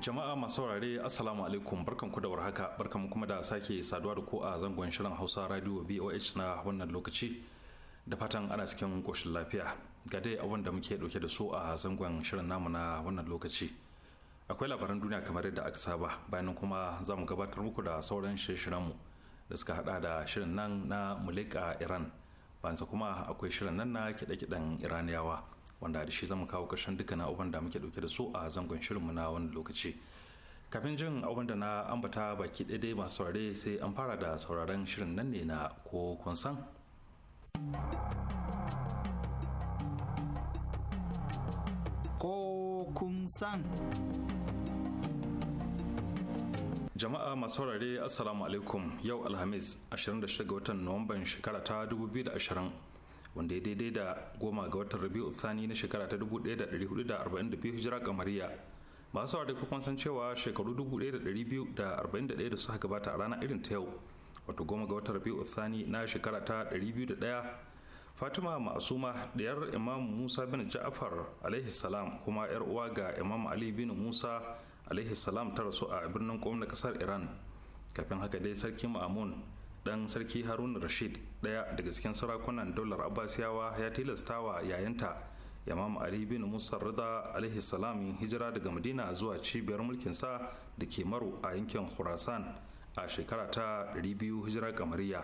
Jama'a masu saurare Assalamu alaikum barkan ku da warhaka barkan kuma da sake saduwa da ku a zangon shirin Hausa Radio VOH na wannan lokaci da fatan ana cikin koshin lafiya ga dai abin da muke dauke da su a zangon shirin namu na wannan lokaci akwai labaran duniya kamar yadda aka saba bayan kuma za mu gabatar muku da sauran shirye mu da suka hada da shirin nan na mulika Iran bayan kuma akwai shirin nan na kide-kiden Iraniyawa wanda da shi zamu kawo ƙarshen dukkanin abubuwan da muke dauke da su a zangon shirinmu na wani lokaci kafin jin abubuwan da na ambata baki daidai masu saurare sai an fara da sauraren shirin nan ne na ko kun san ko kun san jama'a masu saurare assalamu alaikum yau alhamis 26 ga watan nuwamban shekara ta 2020 wanda ya daidai da goma ga watan rabiu sani na shekara ta 1442 hijira kamariya masu saurari kuma san cewa shekaru 1241 da suka gabata a ranar irin ta yau wato goma ga watan rabiu sani na shekara ta 201 fatima ma'asuma ɗayar imam musa bin ja'far alaihi salam kuma yar uwa ga imam ali bin musa alaihi salam ta rasu a birnin na ƙasar iran kafin haka dai sarki ma'amun dan sarki harun rashid daya daga cikin sarakunan daular abbasiyawa ya tilastawa yayanta imam ali bin musa rida alaihi salam hijira daga madina zuwa cibiyar mulkin sa da ke maro a yankin khurasan a shekara ta 200 hijira kamariya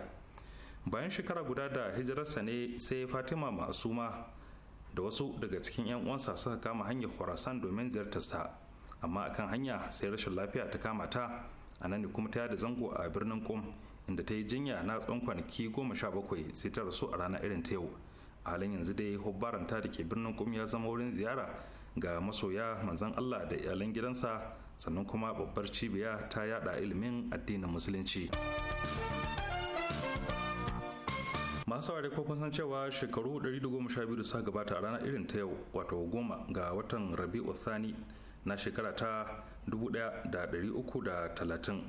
bayan shekara guda da hijirarsa ne sai fatima masuma da wasu daga cikin 'yan uwansa suka kama hanyar khurasan domin ziyartarsa amma akan hanya sai rashin lafiya ta kama ta a nan kuma ta da zango a birnin kum inda ta yi jinya na tsawon kwanaki goma sha bakwai sai ta rasu a rana irin ta yau a halin yanzu dai ta da ke birnin kum ya zama wurin ziyara ga masoya manzan allah da iyalan gidansa sannan kuma babbar cibiya ta yada ilimin addinin musulunci masu ware ko san cewa shekaru 112 da suka gabata a ranar irin ta yau wato goma ga watan rabi'u sani na shekara ta 1330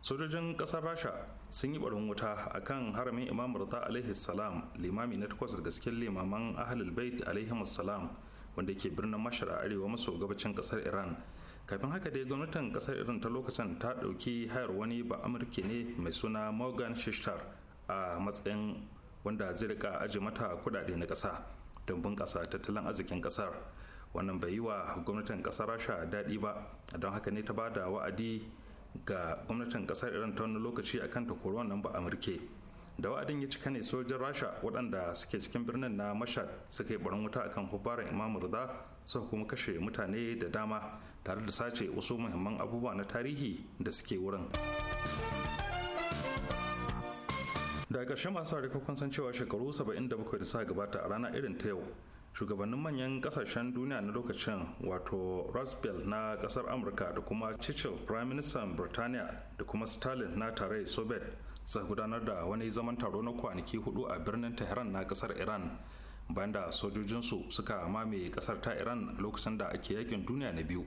sojojin kasar rasha sun yi barin wuta a kan haramin imam murta alaihi salam limami na takwas daga cikin limaman ahlul bait alaihi salam wanda ke birnin mashara arewa maso gabacin kasar iran kafin haka dai gwamnatin kasar iran ta lokacin ta ɗauki hayar wani ba amurki ne mai suna morgan shishtar a matsayin wanda zai rika aji mata kudade na ƙasa don bunƙasa tattalin arzikin ƙasar wannan bai yi wa gwamnatin ƙasar rasha daɗi ba don haka ne ta ba da wa'adi ga gwamnatin kasar iran ta wani lokaci akan takwaruwan nan ba amurke da wa'adin ya cika ne sojin rasha waɗanda suke cikin birnin na mashad suka yi barin wuta akan hubbaran imam rida suka kuma kashe mutane da dama tare da sace wasu muhimman abubuwa na tarihi da suke wurin da ƙarshe masu harika san cewa shekaru 77 da suka gabata a rana irin ta yau shugabannin manyan kasashen duniya na lokacin wato rasbel na kasar amurka da kuma churchill prime minister birtaniya da kuma stalin na tare soviet suka gudanar da wani zaman taro na kwanaki hudu a birnin tehran na kasar iran bayan da sojojinsu suka mamaye kasar ta iran a lokacin da ake yakin duniya na biyu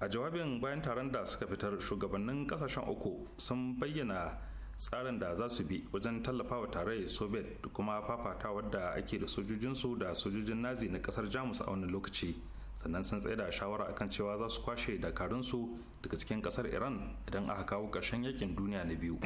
a jawabin bayan taron da suka fitar shugabannin kasashen uku sun bayyana tsarin da za su bi wajen tallafawa tarayyar soviet da kuma fafata wadda ake da sojojinsu da sojojin nazi na kasar jamus a wani lokaci sannan sun tsaye da shawara akan cewa za su kwashe dakarunsu daga cikin kasar iran idan aka kawo ƙarshen yakin duniya na biyu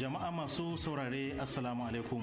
jama'a masu saurare assalamu alaikum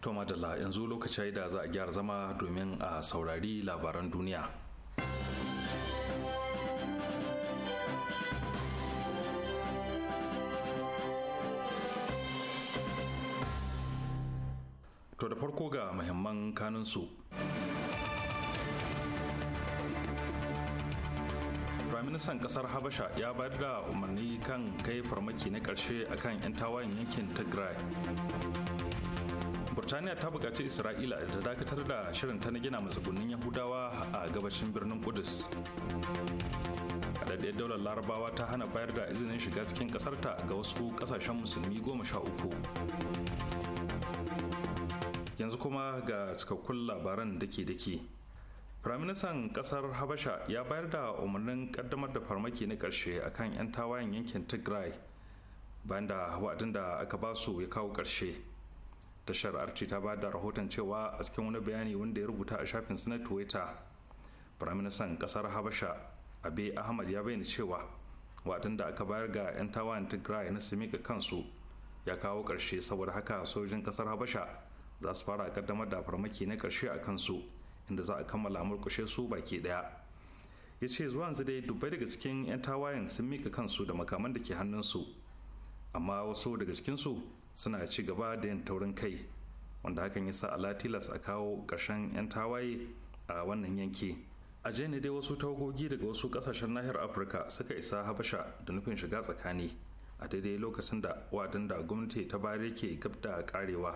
To madalla yanzu lokaci da za a gyara zama domin a saurari labaran duniya. To da farko ga muhimman kanunsu. Firaministan kasar Habasha ya bayar da umarni kan kai farmaki na ƙarshe akan 'yan tawayen yankin Tigray. burtaniya ta buƙaci isra'ila da dakatar da shirin ta na gina matsugunin yahudawa a gabashin birnin kudus kadaddiyar daular larabawa ta hana bayar da izinin shiga cikin ƙasarta ga wasu ƙasashen musulmi goma sha uku yanzu kuma ga cikakkun labaran dake-dake firaministan ƙasar habasha ya bayar da umarnin ƙaddamar da farmaki na ƙarshe akan 'yan tawayen yankin tigray bayan da wa'adin da aka basu ya kawo ƙarshe tashar arci ta ba da rahoton cewa a cikin wani bayani wanda ya rubuta a shafin na twitter firaministan kasar habasha abe ahmad ya bayyana cewa watan da aka bayar ga 'yan tawayen tigray na Simika kansu ya kawo ƙarshe saboda haka sojin kasar habasha za su fara kaddamar da farmaki na ƙarshe a kansu inda za a kammala murkushe su baki ɗaya. ya ce zuwa yanzu dai dubbai daga cikin 'yan tawayen sun mika kansu da makaman da ke hannunsu amma wasu daga cikinsu suna ci gaba da yin taurin kai wanda hakan ya sa alatilas a kawo ƙarshen 'yan tawaye a wannan yanki a ne dai wasu tawagogi daga wasu kasashen nahiyar afirka suka isa habasha da nufin shiga tsakani a daidai lokacin da wadin da gwamnati ta bare yake gab da karewa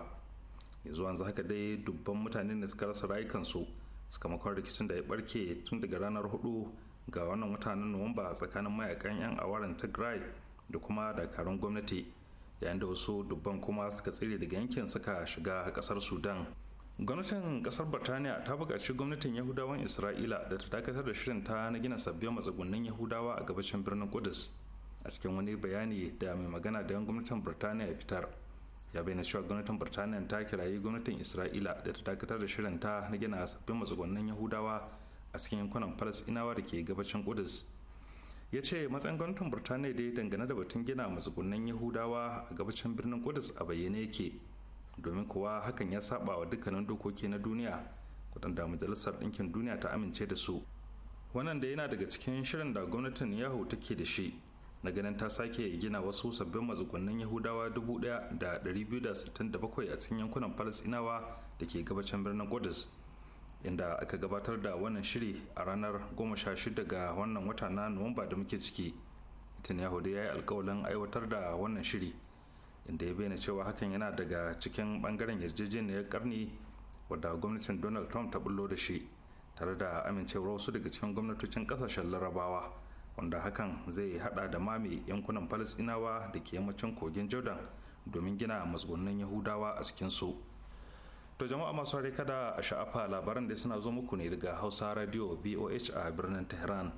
yanzu wanzu haka dai dubban mutane da suka rasa rayukansu suka makon rikicin da ya barke tun daga ranar hudu ga wannan mutanen nuwamba tsakanin mayakan yan awaran tigray da kuma dakarun gwamnati yayin da wasu dubban kuma suka tsere daga yankin suka shiga kasar sudan gwamnatin kasar birtaniya ta bukaci gwamnatin yahudawan isra'ila da ta dakatar da shirin ta na gina sabbin matsugunan yahudawa a gabashin birnin kudus a cikin wani bayani da mai magana da yan gwamnatin birtaniya ya fitar ya bayyana cewa gwamnatin birtaniya ta kirayi gwamnatin isra'ila da ta dakatar da shirin ta na gina sabbin matsugunan yahudawa a cikin yankunan inawa da ke gabashin kudus ya ce matsayin gwamnatin burtaniya dai dangane da batun gina matsugunan yahudawa a gabacin birnin kudus a bayyane yake domin kuwa hakan ya saba wa dukkanin dokoki na duniya waɗanda majalisar ɗinkin duniya ta amince da su wannan da yana daga cikin shirin da gwamnatin yahu take da shi na ganin ta sake gina wasu sabbin matsugunan yahudawa da bakwai a cikin yankunan falasinawa da ke gabacin birnin kudus inda aka gabatar da wannan shiri a ranar 16 ga wannan wata na nuwamba da muke ciki netanyahu dai ya yi alkawalin aiwatar da wannan shiri inda ya bayyana cewa hakan yana daga cikin bangaren yarjejeniyar karni wadda gwamnatin donald trump ta bullo da shi tare da amincewar wasu daga cikin gwamnatocin kasashen larabawa wanda hakan zai hada da mame yankunan falasinawa da ke yammacin kogin jordan domin gina matsugunan yahudawa a cikinsu. su To jama'a masu hari kada a sha'afa labaran da suna zo muku ne daga Hausa Radio VOH a birnin Tehran.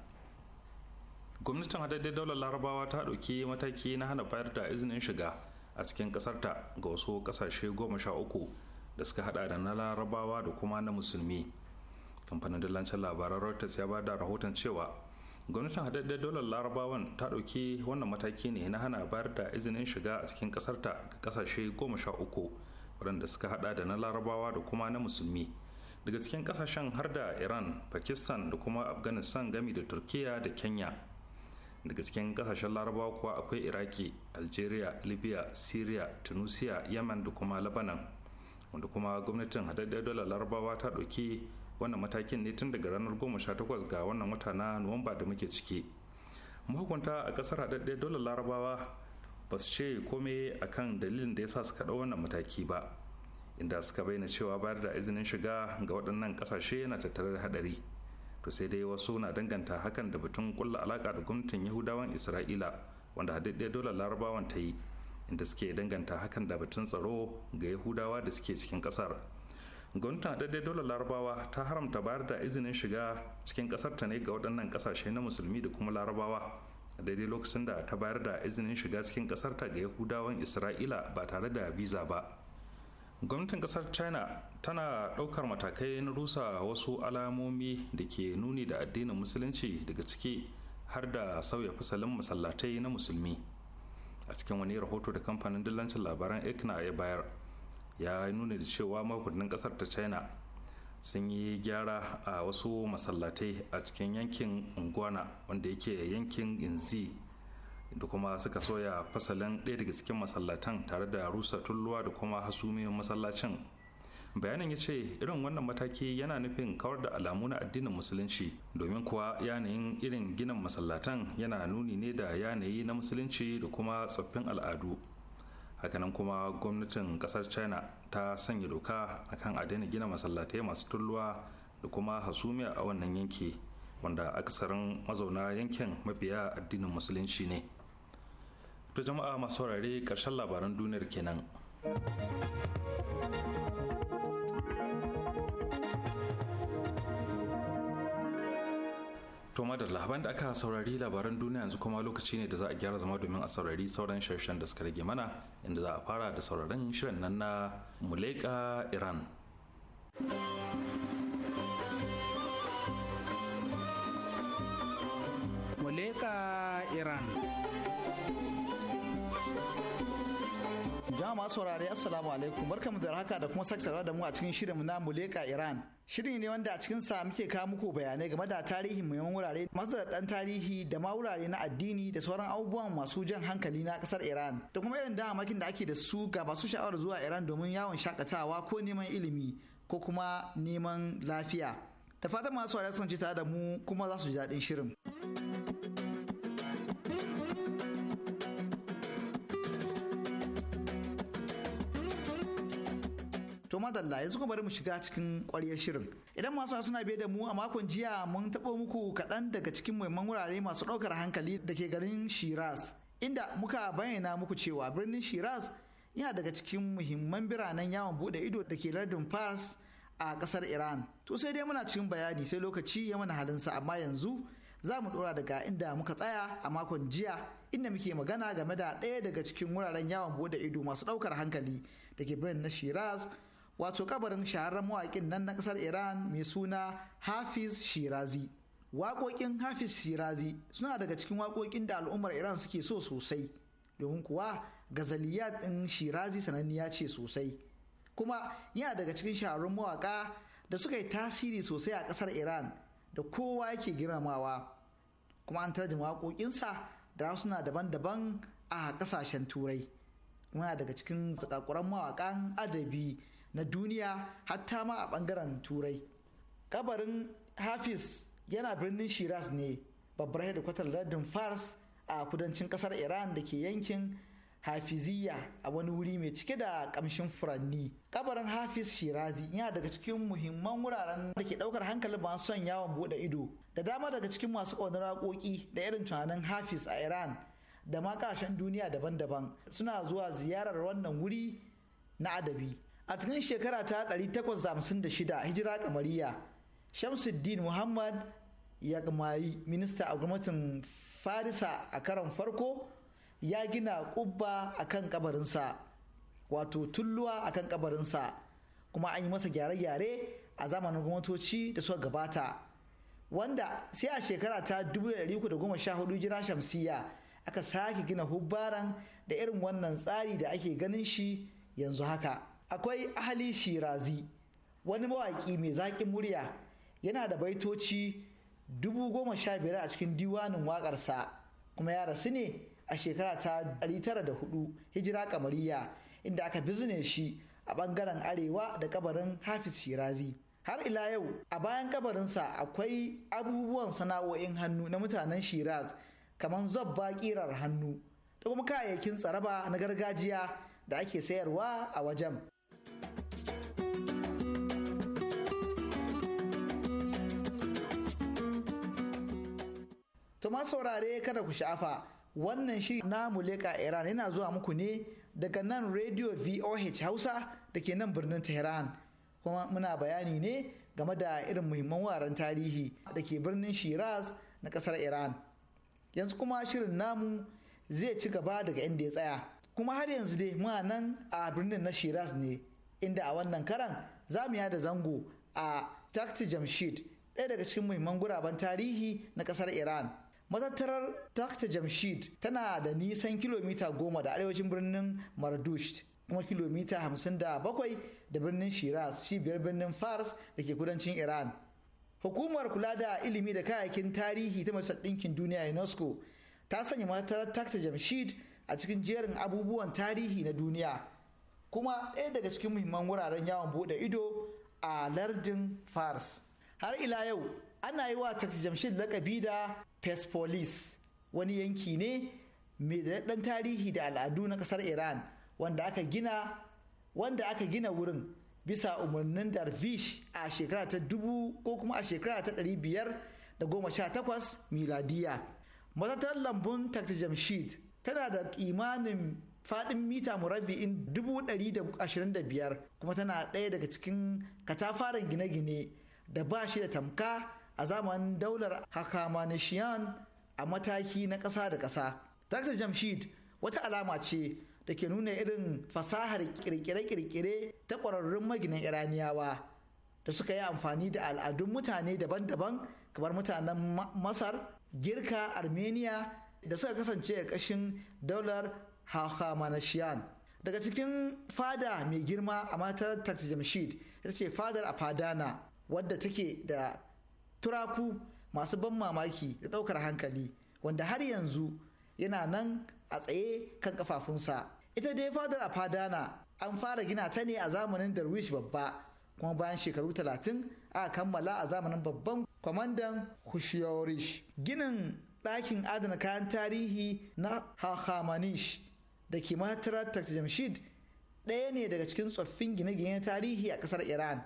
Gwamnatin hadaddai daular larabawa ta ɗauki mataki na hana bayar da izinin shiga a cikin ƙasarta ga wasu ƙasashe goma sha uku da suka hada da na larabawa da kuma na musulmi. Kamfanin dillancin labaran Reuters ya ba da rahoton cewa gwamnatin hadaddai daular larabawan ta ɗauki wannan mataki ne na hana bayar da izinin shiga a cikin ƙasarta ga ƙasashe goma sha uku waɗanda suka hada da na larabawa da kuma na musulmi daga cikin kasashen har da iran pakistan da kuma afghanistan gami da turkiya da kenya daga cikin kasashen larabawa kuwa akwai iraki algeria libya syria tunisia yemen da kuma lebanon wanda kuma gwamnatin hadaddiyar dole larabawa ta ɗauki wannan matakin ne tun daga ranar 18 ga wannan wata na nuwamba da muke ciki mahukunta a kasar hadaddiyar dole larabawa ba su ce kome kan dalilin da ya sa suka ɗau wannan mataki ba inda suka bayyana cewa bayar da izinin shiga ga waɗannan ƙasashe yana tattare da haɗari to sai dai wasu na danganta hakan da batun kulla alaƙa da gwamnatin yahudawan isra'ila wanda haɗaɗɗiyar dole larabawan ta yi inda suke danganta hakan da batun tsaro ga yahudawa da suke cikin ƙasar gwamnatin haɗaɗɗiyar dole larabawa ta haramta bayar da izinin shiga cikin ƙasar ta ne ga waɗannan ƙasashe na musulmi da kuma larabawa daidai lokacin da ta bayar da izinin shiga cikin kasar ta ga yahudawan isra'ila ba tare da visa ba gwamnatin kasar china tana ɗaukar matakai na rusa wasu alamomi da ke nuni da addinin musulunci daga ciki har da sauya fasalin masallatai na musulmi a cikin wani rahoto da kamfanin dillancin labaran ekna ya bayar ya nuna da cewa makudin kasar ta china sun yi gyara a wasu masallatai a cikin yankin unguwana wanda yake yankin inzi da kuma suka soya fasalin ɗaya daga cikin masallatan tare da rusa tulluwa da kuma hasumiyin masallacin bayanin ya ce irin wannan mataki yana nufin kawar da alamu na addinin musulunci domin kuwa yanayin irin ginin masallatan yana nuni ne da yanayi na musulunci da kuma tsoffin al'adu hakanan kuma gwamnatin kasar china ta sanya doka akan a daina gina masallatai masu tulluwa da kuma hasumiya a wannan yanki wanda akasarin mazauna yankin mabiya addinin musulunci ne to jama'a masu saurare ƙarshen labaran duniyar kenan To madalla ban da aka saurari labaran duniya yanzu kuma lokaci ne da za a gyara zama domin a saurari sauran shirshen da suka rage mana inda za a fara da sauraron shirin nan na Muleka Iran. Muleka Iran. jama'a masu wurare assalamu alaikum barkamu da haka da kuma saksarwa da mu a cikin shirinmu na muleka iran shiri ne wanda a cikin sa muke kawo muku bayanai game da tarihin muhimman wurare masu da dan tarihi da ma wurare na addini da sauran abubuwan masu jan hankali na kasar iran da kuma irin damakin da ake da su ga masu sha'awar zuwa iran domin yawon shakatawa ko neman ilimi ko kuma neman lafiya da fatan masu wurare sun ci tare da mu kuma za su ji daɗin shirin. madalla yanzu kuma bari mu shiga cikin ƙwaryar shirin idan masu suna biye da mu a makon jiya mun taɓo muku kaɗan daga cikin muhimman wurare masu ɗaukar hankali da ke garin shiras. inda muka bayyana muku cewa birnin shiras yana daga cikin muhimman biranen yawon buɗe ido da ke lardin fars a ƙasar iran to sai dai muna cikin bayani sai lokaci ya mana halin sa amma yanzu za mu ɗora daga inda muka tsaya a makon jiya inda muke magana game da ɗaya daga cikin wuraren yawon buɗe ido masu ɗaukar hankali da ke birnin na shiraz wato kabarin shaharar mawaƙin nan na ƙasar iran mai suna hafiz shirazi waƙoƙin hafiz shirazi suna daga cikin waƙoƙin da al'ummar iran suke so sosai domin kuwa gazaliyat ɗin shirazi sananniya ce sosai kuma yana daga cikin shaharar mawaƙa da suka yi tasiri sosai a ƙasar iran da kowa yake girmamawa kuma an tarjima waƙoƙinsa da suna daban-daban a ƙasashen turai kuma daga cikin zakakuran mawaƙan adabi na duniya hatta ma a bangaren turai kabarin hafiz yana birnin shiraz ne babbar hedikwatar lardin fars a kudancin kasar iran da ke yankin hafiziya a wani wuri mai cike da kamshin furanni kabarin hafiz shirazi yana daga cikin muhimman wuraren da ke daukar hankalin masu son yawon bude ido da dama daga cikin masu ƙaunar raƙoƙi da irin tunanin hafiz a iran da ma duniya daban-daban suna zuwa ziyarar wannan wuri na adabi a cikin shekara ta 856 hijira kamariya shamsuddin muhammad ya gamayi minista a gwamnatin farisa a karon farko ya gina kubba a kan kabarinsa wato tulluwa a kan kabarinsa kuma an yi masa gyare-gyare a zamanin gwamnatoci da suka gabata wanda sai a shekara ta 1314 jira shamsiya aka sake gina hubbaran da irin wannan tsari da ake ganin shi yanzu haka. akwai ahali shirazi wani mawaƙi mai zaƙin murya yana da baitoci dubu goma sha biyar a cikin diwanin waƙarsa kuma ya rasu ne a shekara ta tara da hudu hijira kamariya inda aka bizne shi a ɓangaren arewa da kabarin hafiz shirazi har ila yau a bayan kabarinsa akwai abubuwan sana'o'in hannu na mutanen shiraz kamar zabba kirar hannu da kuma kayayyakin tsaraba na gargajiya da ake sayarwa a wajen To ma saurare kada ku sha'afa wannan shi na leka Iran yana zuwa muku ne daga nan Radio VOH Hausa da ke nan birnin Tehran. Kuma muna bayani ne game da irin muhimman wuraren tarihi da ke birnin Shiraz na ƙasar Iran. Yanzu kuma shirin namu zai ci gaba daga inda ya tsaya. Kuma har yanzu dai muna nan a birnin na Shiraz ne inda a wannan karan za mu yada zango a Takti Jamshid ɗaya daga cikin muhimman guraben tarihi na ƙasar Iran. matattarar takta jamshid tana da nisan kilomita goma da arewacin birnin mardush kuma kilomita hamsin da bakwai da birnin shiraz cibiyar birnin fars da ke kudancin iran hukumar kula da ilimi da kayayyakin tarihi ta majalisar ɗinkin duniya unesco ta sanya matattarar takta jamshid a cikin jerin abubuwan tarihi na duniya kuma ɗaya daga cikin muhimman wuraren yawon buɗe ido a lardin fars har ila yau ana yi wa takta jamshid lakabi da Persepolis wani yanki ne mai daɗaɗɗen tarihi da al'adu na ƙasar Iran wanda aka gina wanda aka gina wurin bisa umarnin Darvish a shekara ta dubu ko kuma a shekara ta ɗari biyar da goma sha takwas miladiya. Matatar lambun Taxi Jamshid tana da kimanin faɗin mita murabbi'in dubu ɗari da ashirin da biyar kuma tana ɗaya daga cikin katafaren gine-gine da ba shi da tamka a zamanin daular Hakamanishiyan a mataki na ƙasa da ƙasa. Dr. Jamshid wata alama ce da ke nuna irin fasahar kirkire-kirkire ta ƙwararrun maginan Iraniyawa da suka yi amfani da al'adun mutane daban-daban kamar mutanen Masar, Girka, Armenia da suka kasance a ƙashin daular Hakamanishiyan. Daga cikin fada mai girma a matar Takta Jamshid ita ce fadar a fadana wadda take da turaku masu ban mamaki da ɗaukar hankali wanda har yanzu yana nan a tsaye kan kafafunsa ita dai fadar a fadana an fara gina ta ne a zamanin darwish babba kuma bayan shekaru talatin aka kammala a zamanin babban kwamandan hushiyorish ginin ɗakin adana kayan tarihi na hahamanish da ke jamshid ɗaya ne daga cikin tsoffin gine gine tarihi a ƙasar iran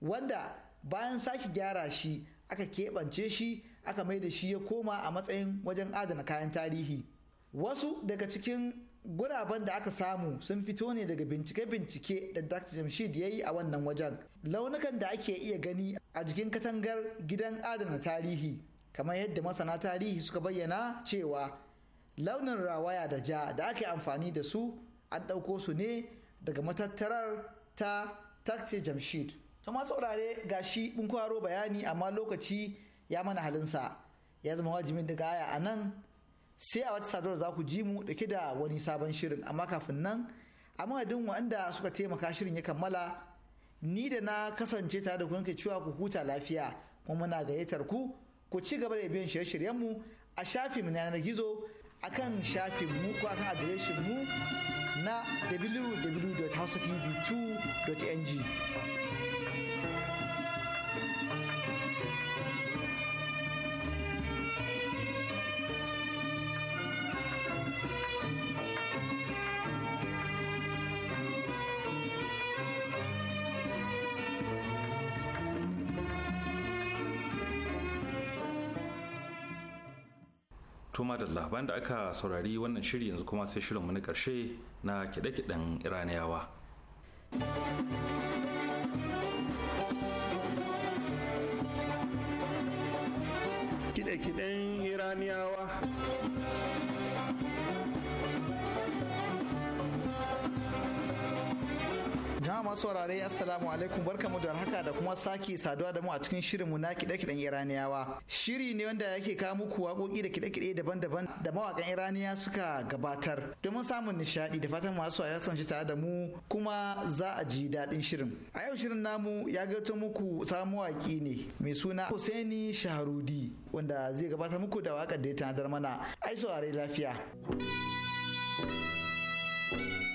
wanda bayan sake gyara shi aka keɓance shi aka mai da shi ya koma a matsayin wajen adana kayan tarihi wasu daga cikin guraben da aka samu sun fito ne daga bincike-bincike da dr jamshid ya yi a wannan wajen launukan da ake iya gani a jikin katangar gidan adana tarihi kamar yadda masana tarihi suka bayyana cewa launin rawaya da ja da ake amfani da su an ɗauko su ne daga matattarar ta takte jamshid to ma saurare gashi mun kwaro bayani amma lokaci ya mana halinsa ya zama wajibin da aya a nan sai a wata sadarwar za ku ji mu dauke da wani sabon shirin amma kafin nan a madadin wanda suka taimaka shirin ya kammala ni da na kasance tare da kunke cewa ku huta lafiya kuma muna gayyatar ku ku ci gaba da biyan shirye shiryen mu a shafin na yanar gizo akan mu ko akan mu na www.hausatv2.ng tuma da labaran da aka saurari wannan shiri yanzu kuma sai shirinmu na ƙarshe na kiɗe-kiɗen iraniyawa kiɗe-kiɗen iraniyawa masu saurare assalamu alaikum barkamu da haka da kuma sake saduwa da mu a cikin shirinmu na kiɗe-kiɗen iraniyawa shiri ne wanda yake kawo muku waƙoƙi da kiɗe-kiɗe daban-daban da mawaƙan iraniya suka gabatar domin samun nishaɗi da fatan masu ya sanci tare da mu kuma za a ji daɗin shirin a yau shirin namu ya gato muku ta mawaƙi ne mai suna Hussaini Shaharudi wanda zai gabatar muku da waƙar da ya tanadar mana ai saurare lafiya. thank you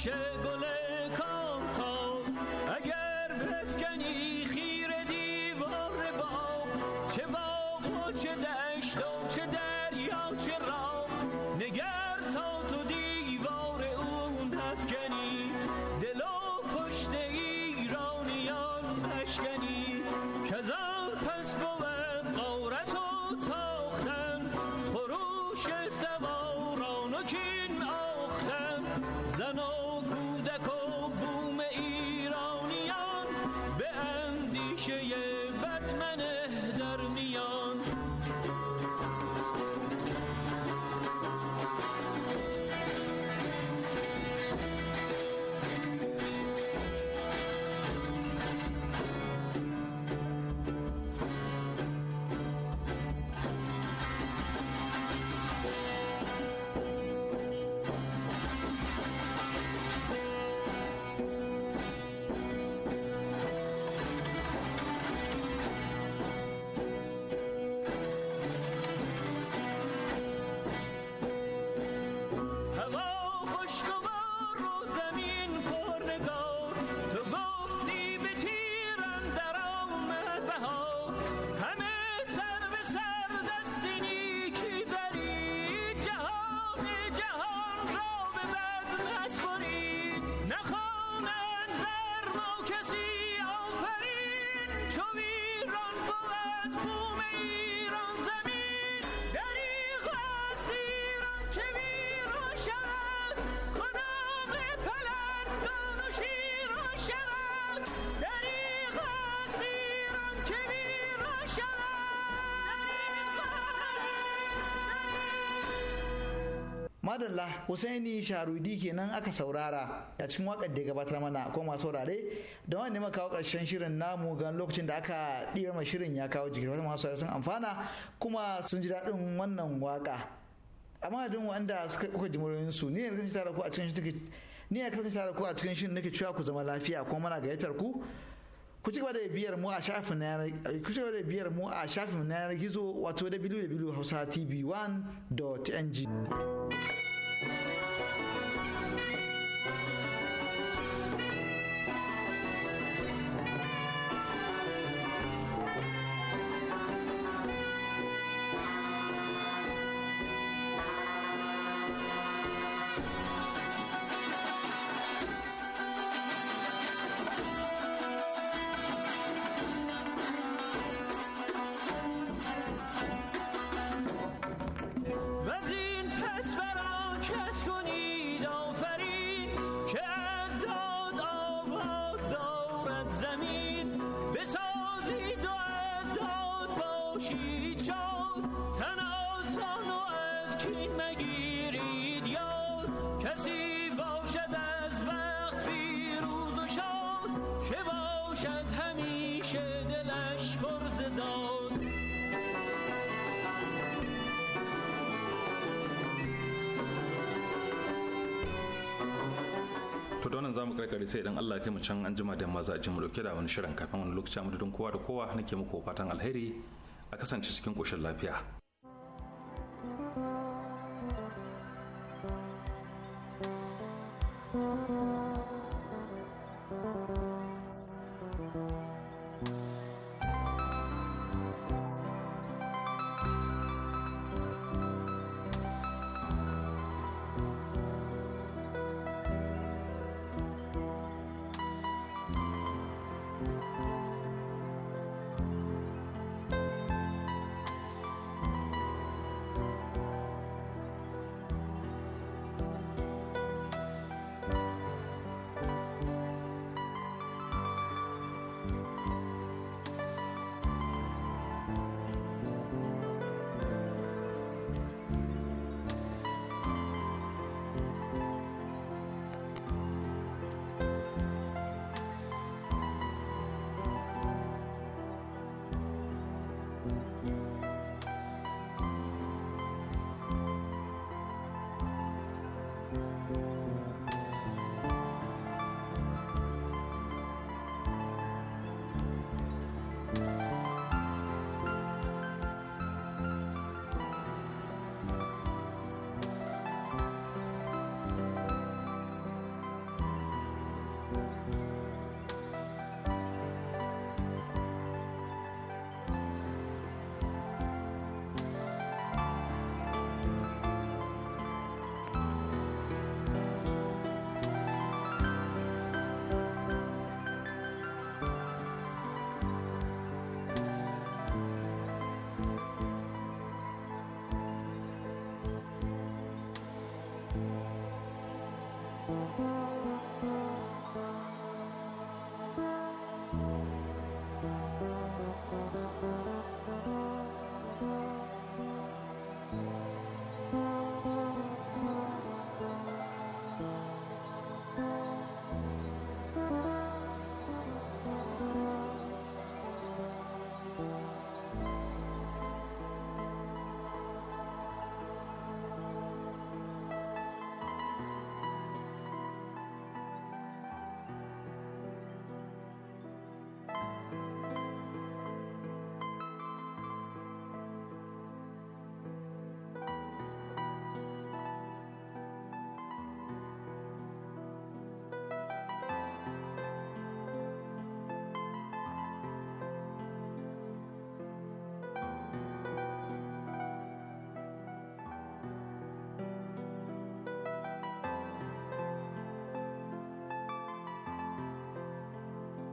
się madalla husaini sharudi kenan aka saurara a cikin wakar da gabatar mana ko masu saurare da wani ne kawo karshen shirin namu gan lokacin da aka ɗira ma shirin ya kawo jikin wasu masu sun amfana kuma sun ji daɗin wannan waka amma duk wanda suka kuka ji su ne kasance tare ku a cikin shirin ni ne kasance tare ku a cikin shirin nake cewa ku zama lafiya kuma mana gayyatar ku ku ci gaba da biyar mu a shafin na yanar ku ci gaba da biyar mu a shafin na yanar gizo wato www.hausatv1.ng to da wannan zamu karkare sai idan Allah ya kai mu can an jima da yamma za a ji mu dauke da wani shirin kafin wani lokaci mu don kowa da kowa nake muku fatan alheri a kasance cikin koshin lafiya